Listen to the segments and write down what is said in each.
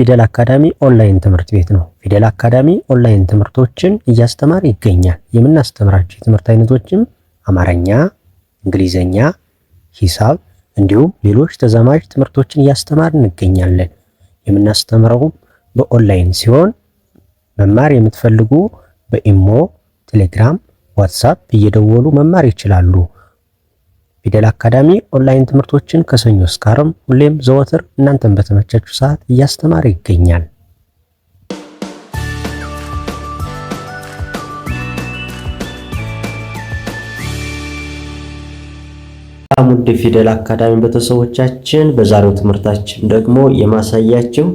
ፊደል አካዳሚ ኦንላይን ትምህርት ቤት ነው። ፊደል አካዳሚ ኦንላይን ትምህርቶችን እያስተማር ይገኛል። የምናስተምራቸው የትምህርት አይነቶችም አማርኛ፣ እንግሊዘኛ፣ ሂሳብ እንዲሁም ሌሎች ተዛማጅ ትምህርቶችን እያስተማር እንገኛለን። የምናስተምረውም በኦንላይን ሲሆን መማር የምትፈልጉ በኢሞ፣ ቴሌግራም፣ ዋትሳፕ እየደወሉ መማር ይችላሉ። ፊደል አካዳሚ ኦንላይን ትምህርቶችን ከሰኞ እስከ ዓርብ ሁሌም ዘወትር እናንተን በተመቻችሁ ሰዓት እያስተማረ ይገኛል። ውድ ፊደል አካዳሚ ቤተሰቦቻችን በዛሬው ትምህርታችን ደግሞ የማሳያቸው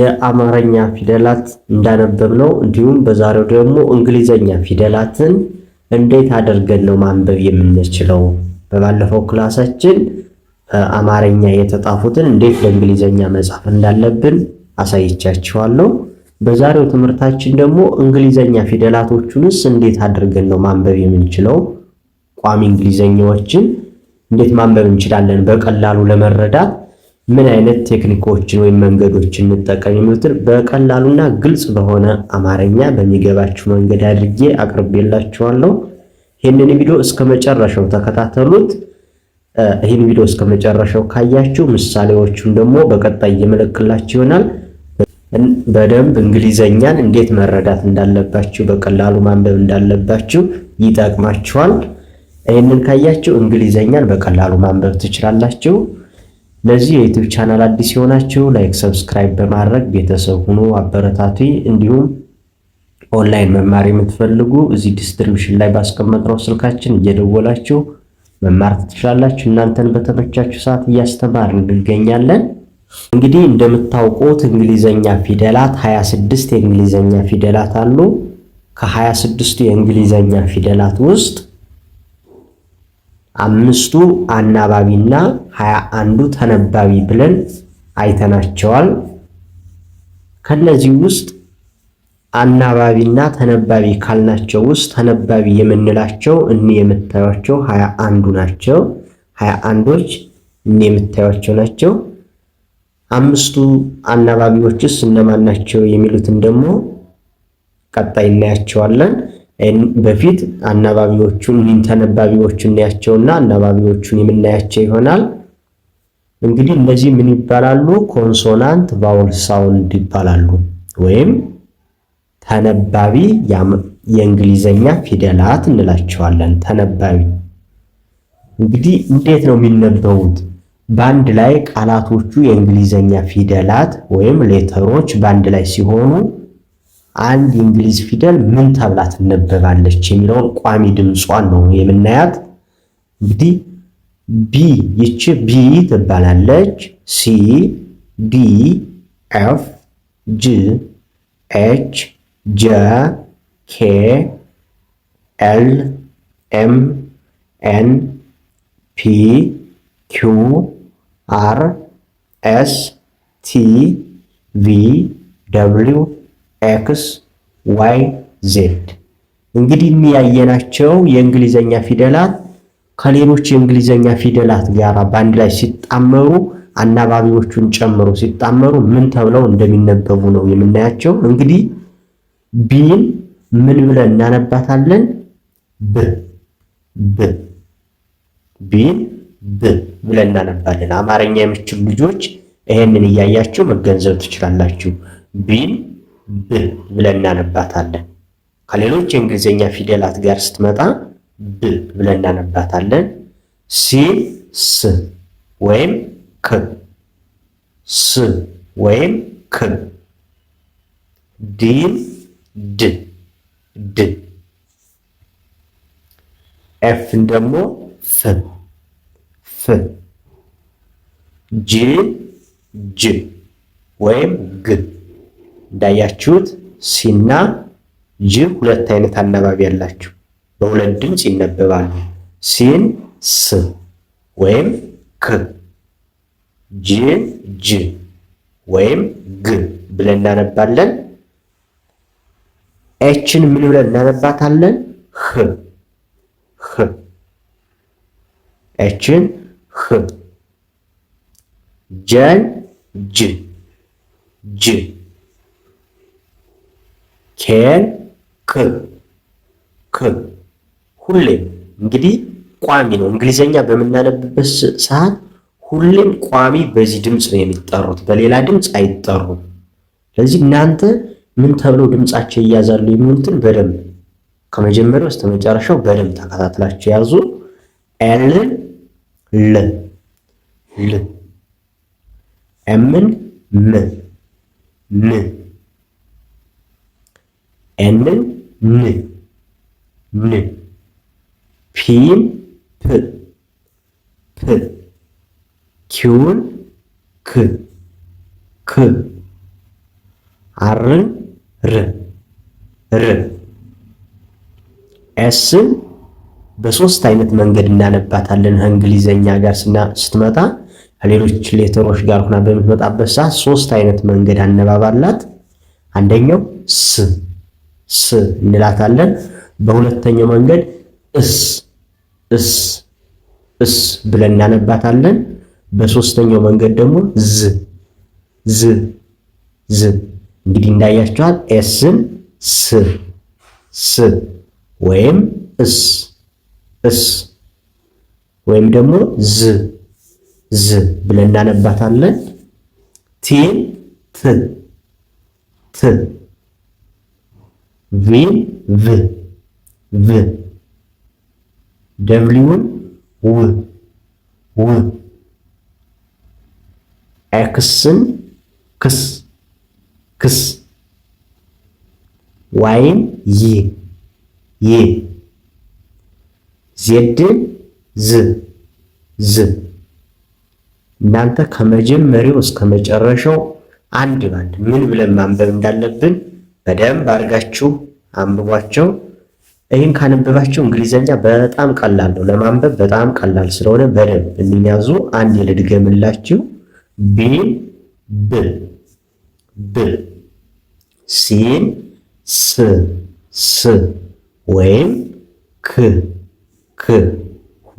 የአማርኛ ፊደላት እንዳነበብ ነው። እንዲሁም በዛሬው ደግሞ እንግሊዘኛ ፊደላትን እንዴት አድርገን ነው ማንበብ የምንችለው በባለፈው ክላሳችን አማርኛ የተጻፉትን እንዴት በእንግሊዘኛ መጻፍ እንዳለብን አሳይቻችኋለሁ። በዛሬው ትምህርታችን ደግሞ እንግሊዘኛ ፊደላቶቹንስ እንዴት አድርገን ነው ማንበብ የምንችለው፣ ቋሚ እንግሊዘኛዎችን እንዴት ማንበብ እንችላለን፣ በቀላሉ ለመረዳት ምን አይነት ቴክኒኮችን ወይም መንገዶችን እንጠቀም የሚሉትን በቀላሉና ግልጽ በሆነ አማርኛ በሚገባችሁ መንገድ አድርጌ አቅርቤላችኋለሁ። ይህንን ቪዲዮ እስከ መጨረሻው ተከታተሉት። ይህን ቪዲዮ እስከ መጨረሻው ካያችሁ ምሳሌዎቹን ደግሞ በቀጣይ እየመለክላችሁ ይሆናል። በደንብ እንግሊዘኛን እንዴት መረዳት እንዳለባችሁ በቀላሉ ማንበብ እንዳለባችሁ ይጠቅማችኋል። ይህንን ካያችሁ እንግሊዘኛን በቀላሉ ማንበብ ትችላላችሁ። ለዚህ የዩቲዩብ ቻናል አዲስ የሆናችሁ ላይክ፣ ሰብስክራይብ በማድረግ ቤተሰብ ሁኑ፣ አበረታቱ እንዲሁም ኦንላይን መማር የምትፈልጉ እዚህ ዲስትሪቢሽን ላይ ባስቀመጥነው ስልካችን እየደወላችሁ መማር ትችላላችሁ። እናንተን በተመቻችሁ ሰዓት እያስተማርን እንገኛለን። እንግዲህ እንደምታውቁት እንግሊዘኛ ፊደላት 26 የእንግሊዘኛ ፊደላት አሉ። ከ26ቱ የእንግሊዘኛ ፊደላት ውስጥ አምስቱ አናባቢና 21 አንዱ ተነባቢ ብለን አይተናቸዋል። ከነዚህ ውስጥ አናባቢና ተነባቢ ካልናቸው ውስጥ ተነባቢ የምንላቸው እኒ የምታዩቸው ሀያ አንዱ ናቸው። ሀያ አንዶች እኒ የምታዩቸው ናቸው። አምስቱ አናባቢዎችስ እነማን ናቸው የሚሉትን ደግሞ ቀጣይ እናያቸዋለን። በፊት አናባቢዎቹን ተነባቢዎቹን እናያቸውና አናባቢዎቹን የምናያቸው ይሆናል። እንግዲህ እነዚህ ምን ይባላሉ? ኮንሶናንት ቫውል ሳውንድ ይባላሉ ወይም ተነባቢ የእንግሊዘኛ ፊደላት እንላቸዋለን። ተነባቢ እንግዲህ እንዴት ነው የሚነበቡት? በአንድ ላይ ቃላቶቹ የእንግሊዘኛ ፊደላት ወይም ሌተሮች በአንድ ላይ ሲሆኑ አንድ የእንግሊዝ ፊደል ምን ተብላ ትነበባለች የሚለውን ቋሚ ድምጿን ነው የምናያት። እንግዲህ ቢ ይች ቢ ትባላለች። ሲ ዲ ኤፍ ጂ ኤች ጀ ኬ ኤል ኤም ኤን ፒ ኪ አር ኤስ ቲ ቪ ደብሊው ኤክስ ዋይ ዜድ። እንግዲህ የሚያየናቸው የእንግሊዘኛ ፊደላት ከሌሎች የእንግሊዘኛ ፊደላት ጋር በአንድ ላይ ሲጣመሩ አናባቢዎቹን ጨምሮ ሲጣመሩ ምን ተብለው እንደሚነበቡ ነው የምናያቸው እንግዲህ ቢን ምን ብለን እናነባታለን? ብ ብ ቢን ብ ብለን እናነባለን። አማርኛ የምችሉ ልጆች ይሄንን እያያችሁ መገንዘብ ትችላላችሁ። ቢን ብ ብለን እናነባታለን። ከሌሎች የእንግሊዝኛ ፊደላት ጋር ስትመጣ ብ ብለን እናነባታለን። ሲን ስ ወይም ክ ስ ወይም ክ ዲን ድ ድ ኤፍን ደግሞ ፍ ፍ ጅ ጅ ወይም ግ እንዳያችሁት ሲና ጅ ሁለት አይነት አነባቢ ያላችሁ በሁለት ድምፅ ይነበባሉ። ሲን ስ ወይም ክ ጅን ጅ ወይም ግ ብለን እናነባለን። ኤችን ምን ብለን እናነባታለን? ህ ህ ኤችን ህ ጀን ጅ ጅ ኬን ክ ክ ሁሌም እንግዲህ ቋሚ ነው። እንግሊዘኛ በምናነብበት ሰዓት ሁሌም ቋሚ በዚህ ድምፅ ነው የሚጠሩት፣ በሌላ ድምፅ አይጠሩም። ስለዚህ እናንተ ምን ተብለው ድምጻቸው ይያዛሉ የሚሉትን በደንብ ከመጀመሪያው እስከ መጨረሻው በደንብ ተከታትላቸው ያዙ። ኤልን ለ ል ኤምን ም ም ኤንን ን ን ፒን ፕ ፕ ኪውን ክ ክ አርን ር ር ኤስን በሶስት አይነት መንገድ እናነባታለን። ከእንግሊዘኛ ጋር ስትመጣ ከሌሎች ሌተሮች ጋር ሁና በምትመጣበት ሰዓት ሶስት አይነት መንገድ አነባባላት። አንደኛው ስ ስ እንላታለን። በሁለተኛው መንገድ እስ እስ እስ ብለን እናነባታለን። በሶስተኛው መንገድ ደግሞ ዝ ዝ ዝ እንግዲህ እንዳያችኋል ኤስን ስ ስ ወይም እስ እስ ወይም ደግሞ ዝ ዝ ብለን እናነባታለን። ቲን ት ት ቪን ቭ ቭ ደብሊውን ው ው ኤክስን ክስ ክስ ዋይን ይ ይ ዜድን ዝ ዝ እናንተ ከመጀመሪያው እስከ መጨረሻው አንድ ባንድ ምን ብለን ማንበብ እንዳለብን በደንብ አድርጋችሁ አንብቧቸው። ይህን ካነበባቸው እንግሊዘኛ በጣም ቀላል ነው ለማንበብ በጣም ቀላል ስለሆነ በደንብ እንያዙ። አንድ ልድገምላችሁ ቢን ብ ብ ሲን ስ ስ ወይም ክ ክ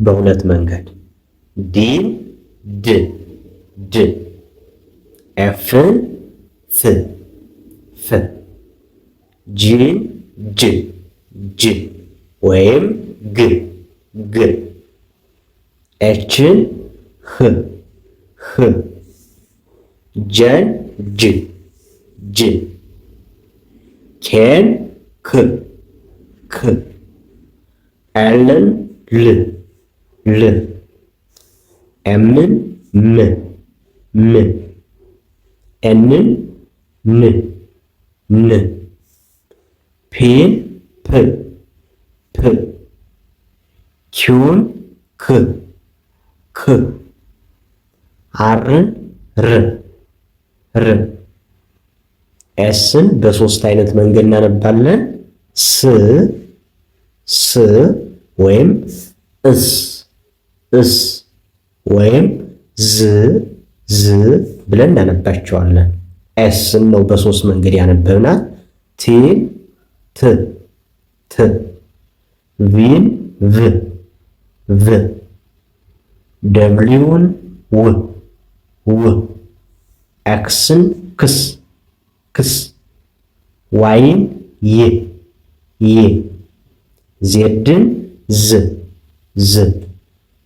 በሁለት መንገድ ዲን ድ ድ ኤፍን ፍ ፍ ጂን ጅ ጅ ወይም ግ ግ ኤችን ህ ህ ጀን ጅ ጅን ኬን ክ ክ ኤልን ል ል ኤምን ም ም ኤንን ን ን ፒን ፕ ፕ ኪውን ክ ክ አርን ር ር ኤስን በሶስት አይነት መንገድ እናነባለን። ስ ስ ወይም እስ እስ ወይም ዝ ዝ ብለን እናነባቸዋለን። ኤስን ነው በሶስት መንገድ ያነበብናት ቲ ት ት ቪን ቭ ቭ ደብሊውን ው ው ኤክስን ክስ ክስ ዋይን ይ ይ ዜድን ዝ ዝ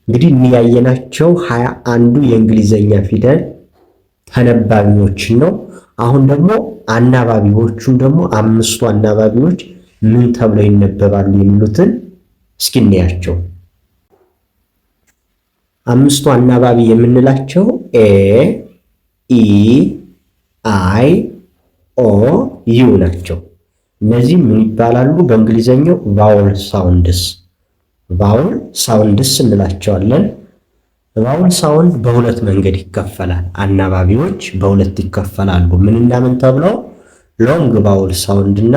እንግዲህ እንያየናቸው ሀያ አንዱ የእንግሊዘኛ ፊደል ተነባቢዎችን ነው። አሁን ደግሞ አናባቢዎቹን ደግሞ አምስቱ አናባቢዎች ምን ተብለው ይነበባሉ የሚሉትን እስኪ እንያቸው። አምስቱ አናባቢ የምንላቸው ኤ ኢ አይ ኦ ዩ ናቸው። እነዚህ ምን ይባላሉ? በእንግሊዘኛው ቫውል ሳውንድስ ቫውል ሳውንድስ እንላቸዋለን። ቫውል ሳውንድ በሁለት መንገድ ይከፈላል። አናባቢዎች በሁለት ይከፈላሉ። ምንና ምን ተብለው? ሎንግ ቫውል ሳውንድ እና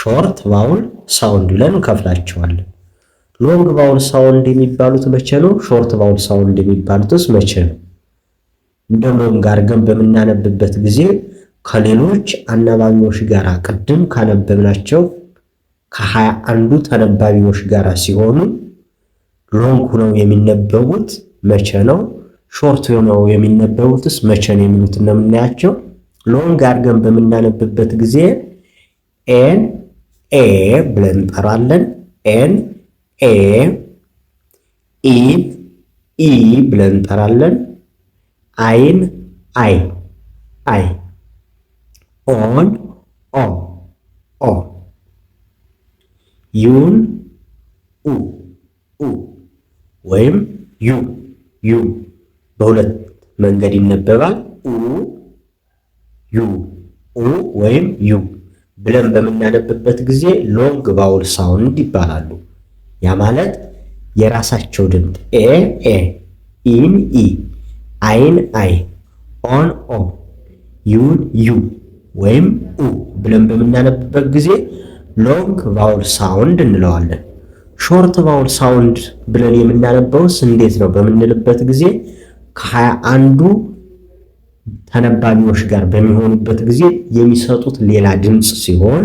ሾርት ቫውል ሳውንድ ብለን እንከፍላቸዋለን። ሎንግ ቫውል ሳውንድ የሚባሉት መቼ ነው? ሾርት ቫውል ሳውንድ የሚባሉትስ መቼ ነው? እንደ ሎንግ አድርገን በምናነብበት ጊዜ ከሌሎች አናባቢዎች ጋር ቅድም ካነበብናቸው ከሀያ አንዱ ተነባቢዎች ጋር ሲሆኑ ሎንግ ሆነው የሚነበቡት መቼ ነው? ሾርት ሆነው የሚነበቡትስ መቼ ነው? የሚሉት ነው ሎንግ አድርገን በምናነብበት ጊዜ ኤን ኤ ብለን እንጠራለን። ኤን ኤ፣ ኢ ኢ ብለን እንጠራለን። አይን አይ አይ ኦን ኦ ኦ ዩን ኡ ኡ ወይም ዩ ዩ በሁለት መንገድ ይነበባል። ኡ ዩ ኡ ወይም ዩ ብለን በምናነብበት ጊዜ ሎንግ ባውል ሳውንድ ይባላሉ። ያ ማለት የራሳቸው ድምፅ ኤ ኤ ኢን ኢ አይን አይ ኦን ኦ ዩን ዩ ወይም ኡ ብለን በምናነብበት ጊዜ ሎንግ ቫውል ሳውንድ እንለዋለን። ሾርት ቫውል ሳውንድ ብለን የምናነበውስ እንዴት ነው በምንልበት ጊዜ ከሀያ አንዱ ተነባቢዎች ጋር በሚሆኑበት ጊዜ የሚሰጡት ሌላ ድምፅ ሲሆን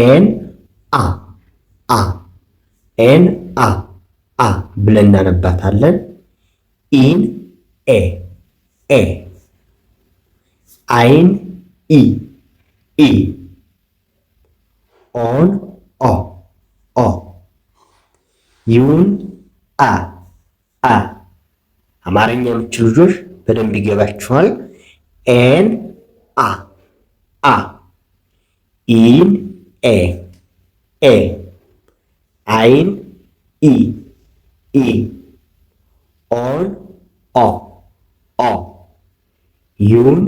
ኤን አ አ ኤን አ አ ብለን እናነባታለን። ኢን ኤ ኤ አይን ኢ ኢ ኦን ኦ ኦ ዩን አ አ አማርኛ የምትችሉ ልጆች በደንብ ይገባችኋል። ኤን አ አ ኢን ኤ ኤ አይን ኢ ኢ ኦን ኦ ኦ ዩን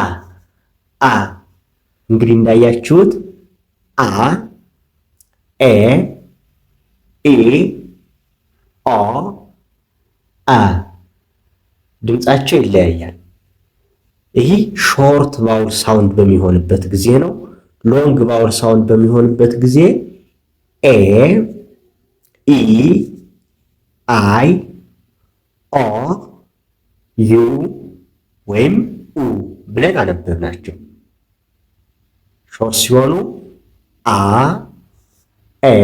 አ አ እንግዲህ እንዳያችሁት አ ኤ ኤ ኦ አ ድምጻቸው ይለያያል። ይህ ሾርት ቫውል ሳውንድ በሚሆንበት ጊዜ ነው። ሎንግ ቫውል ሳውንድ በሚሆንበት ጊዜ ኤ ኢ አይ ኦ ዩ ወይም ኡ ብለን አነበብናቸው። ሾርት ሲሆኑ አ ኤ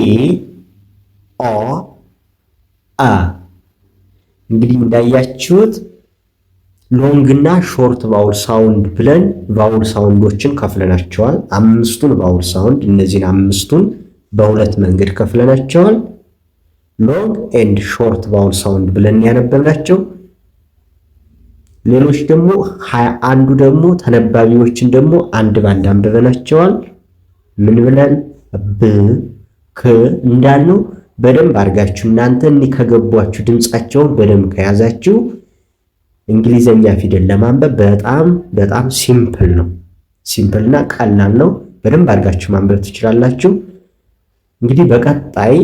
ኢ ኦ አ። እንግዲህ እንዳያችሁት ሎንግ እና ሾርት ቫውል ሳውንድ ብለን ቫውል ሳውንዶችን ከፍለናቸዋል። አምስቱን ቫውል ሳውንድ እነዚህን አምስቱን በሁለት መንገድ ከፍለናቸዋል። ሎንግ ኤንድ ሾርት ቫውል ሳውንድ ብለን ያነበብናቸው። ሌሎች ደግሞ ሀያ አንዱ ደግሞ ተነባቢዎችን ደግሞ አንድ ባንድ አንብበናቸዋል። ምን ብለን ብ ክ እንዳልነው በደንብ አድርጋችሁ እናንተ እኒህ ከገቧችሁ ድምፃቸውን በደንብ ከያዛችሁ እንግሊዘኛ ፊደል ለማንበብ በጣም በጣም ሲምፕል ነው። ሲምፕልና ቀላል ነው። በደንብ አድርጋችሁ ማንበብ ትችላላችሁ። እንግዲህ በቀጣይ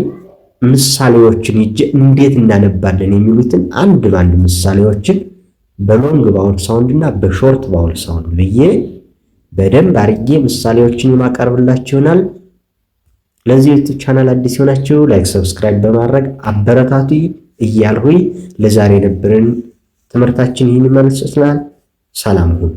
ምሳሌዎችን ይዤ እንዴት እናነባለን የሚሉትን አንድ ባንድ ምሳሌዎችን በሎንግ ቫውል ሳውንድ እና በሾርት ቫውል ሳውንድ ብዬ በደንብ አርጌ ምሳሌዎችን የማቀርብላችሁ ይሆናል። ለዚህ ዩቱብ ቻናል አዲስ የሆናችሁ ላይክ፣ ሰብስክራይብ በማድረግ አበረታቱ እያልሁኝ ለዛሬ የነበረን ትምህርታችን ይህን ይመስላል። ሰላም ሁኑ።